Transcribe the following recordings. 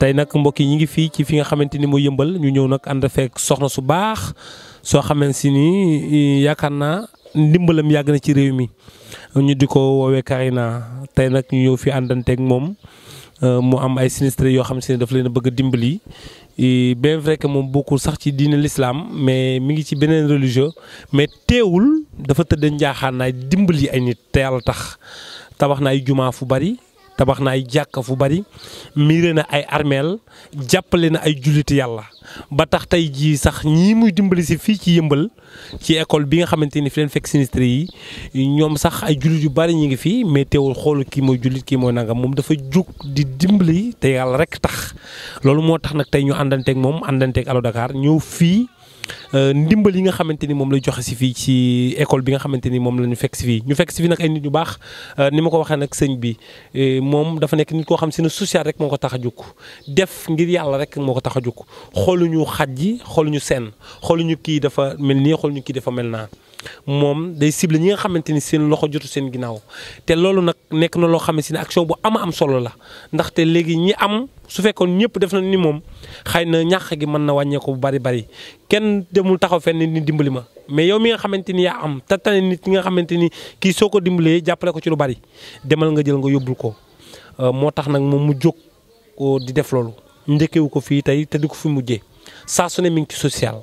tey nag mbokk yi ñu ngi fii ci fi nga xamante ni mooy yëmbal ñu ñëw nag ànd fekk soxna su baax soo xamante si ni eh, yaakaar naa ndimbalam yàgg na ci réew mi ñu di ko woowee Karina tey nag ñu ñëw fi àndanteeg moom eh, mu am ay sinistrés yoo xam si ne daf leen a bëgg a dimbali eh, bien vrai que moom bokkul sax ci diine lislaam mais mi ngi ci beneen religieux mais teewul dafa tëdd njaaxaan naay dimbali ay nit te yàlla tax tabax na ay jumaa fu bari tabax na ay jàkka fu bari miire na ay armeel jàppale na ay julliti yàlla ba tax tey jii sax ñii muy dimbali si fii ci yëmbal ci école bi nga xamante ni fi leen fekk sinistre yi ñoom sax ay jullit yu bari ñu ngi fii mais teewul xoolu kii mooy jullit kii mooy nanga moom dafa jóg di dimbali te yàlla rek tax loolu moo tax nag tey ñu àndanteek moom àndanteeg Allo Dakar ñëw fii. Euh, ndimbal yi nga xamante ni moom lay joxe si fii ci école bi nga xamante ni moom la ñu fekk si fii ñu fekk si fii nag ay nit ñu baax euh, ni ma ko waxee nag sëñ bi euh, moom dafa nekk nit koo xam si ne social rek moo ko tax a jóg def ngir yàlla rek moo ko tax a jóg ñu xat yi xooluñu seen xooluñu kii dafa mel nii xooluñu kii dafa mel naa moom day sible ñi nga xamante ni seen loxo jotu seen ginnaaw te loolu nag nekk na loo si ni action bu ama am solo la ndaxte léegi ñi am su fekkoon ñëpp def na ni moom xëy na ñàq gi mën na wàññeeku bu bari bari kenn demul taxaw fenn ni dimbali ma mais yow mi nga xamante ni yaa am te nit ñi nga xamante ni kii soo ko dimbalee jàppale ko ci lu bari demal nga jël nga yóbbul ko euh, moo tax nag moom mu jóg di def loolu njëkkewu ko fii tey te di ko fi mujjee saa su ne mi ci social.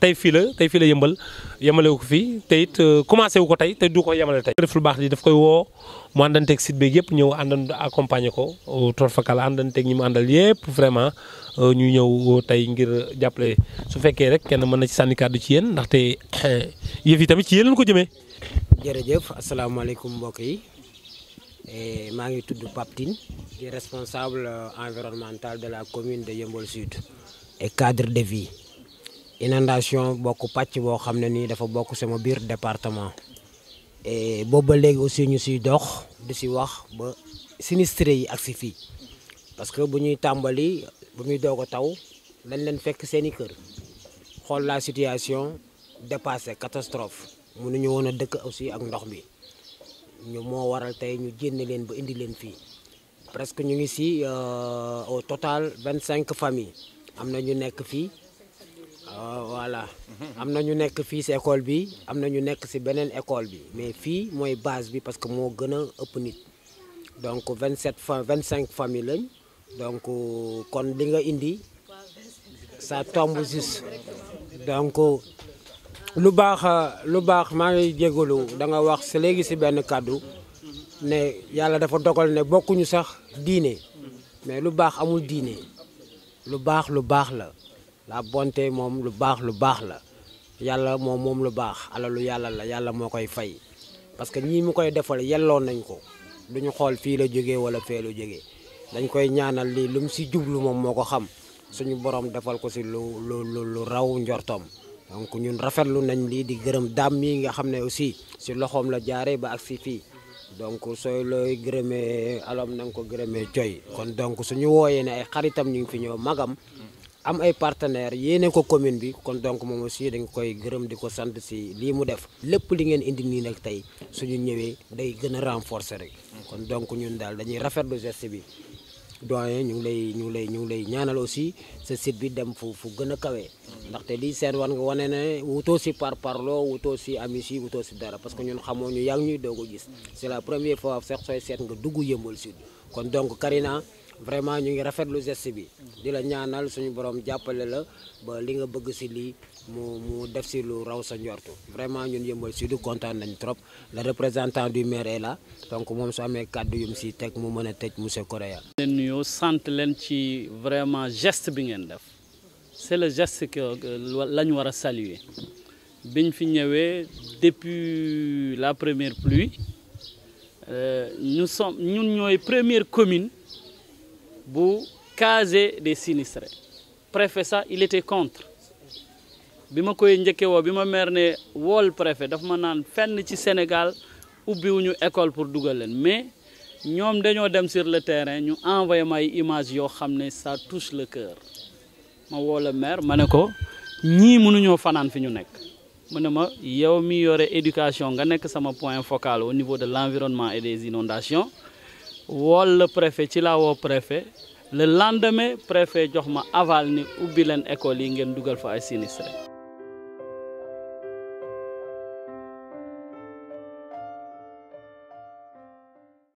tay fi la tay fi la yembal yamale ko fi tay it euh, commencé wu ko tay te du ko yamale tay def bax di daf koy mo andante ak site beeg yep ñew àndandoo accompagner ko torfakal ak ñi mu andal yep vraiment euh, ñu ñew tay ngir jappelé su fekke rek kenn mëna ci sanni kàddu ci ndax tay yef yi tamit ci yeen lañ ko jërëjëf alaykum mbokk yi eh, ma ngi tuddu paptine di responsable euh, environnemental de la commune de Sud et cadre de vie inondation bokk patch bo xamne ni dafa bokk sama bir département et boobu ba léegi aussi ñu Pas dox di tambali wax ba sinistré yi ak ci fi parce que bu ñuy bu taw lañ leen fekk seeni kër xol la situation dépassé catastrophe mënuñu ñu wona dëkk aussi ak ndox bi ñu mo waral tay ñu jenn leen ba indi leen fi presque ñu ngi si euh, au total 25 familles amna ñu nekk fi Oh, voilà am y nekk fii si école bi am nekk école bi mais base bi parce que moo gën a ëpp nit donc 27 25 famille donc euh, kon li nga indi ça tombe juste donc euh, le bar lu baax maa ngi jégalu da nga wax si léegi si benn ne yàlla dafa dogal ne bokkuñu sax diine mais lu baax amul diine lu baax lu baax la. la bonté moom lu baax lu baax la yàlla moom moom lu baax alalu yàlla la yàlla moo koy fay parce que ñii mu koy defal yelloon nañ ko ñu xool fii la jóge wala fee la jógee dañ koy ñaanal lii lum si jublu moom moo ko xam suñu boroom defal ko si lu lu lu raw njortoom donc ñun rafetlu nañ lii di gërëm daam yi nga xam ne aussi si loxoom la jaare ba ak si fii donc sooy looy gërëmee alom na nga ko gërëmee coy kon donc suñu wooyee ne ay xaritam ñu fi ñëw magam am ay partenaires yéene ko commune bi kon donc aussi koy mu def li ngeen indi nii nag tey suñu day a renforcer rek kon donc ñun daal dañuy rafetlu geste bi doyen ñu ngi lay ñu ngi lay ñu lay ñaanal site bi dem fu fu gën a kawee ndaxte lii seen ne par parloo wutoo si amis yi wutoo parce que ñun xamoo ñu c'est la première fois sax sooy seet nga donc Karina vraiment ñu ngi rafetlu geste bi di la ñaanal suñu borom jàppale la ba li nga bëgg ci li mu mu def ci lu raw sa njortu vraiment ñun yëmbal si du content nañ trop le représentant du maire est là donc mom su amé cadeau yum ci tek mu mëna a monsieur Correa leen nuyoo sante len ci vraiment geste bi ngeen def c'est le geste que lañ wara saluer biñ fi ñëwé depuis la première pluie euh, nous sommes ñun ñoy première commune bu casé des sinistrés préfet ça, il était contre Bima koy njëkkee wo bima ma meer ne préfet daf ma naan fenn ci Sénégal ubbiwuñu école pour dugal leen mais ñom dañoo dem sur le terrain ñu envoyé ma image yo xamné ça touche le cœur ma woo le maire mané ko ñi mënu ñoo fanaan fi ñu nek. mu yow mi yoré éducation nga nek sama point focal au niveau de l'environnement et des inondations wool la préfet ci laa woo préfet le lendemain préfet jox ma aval ni ubbi leen école yi ngeen dugal fa ay sinistré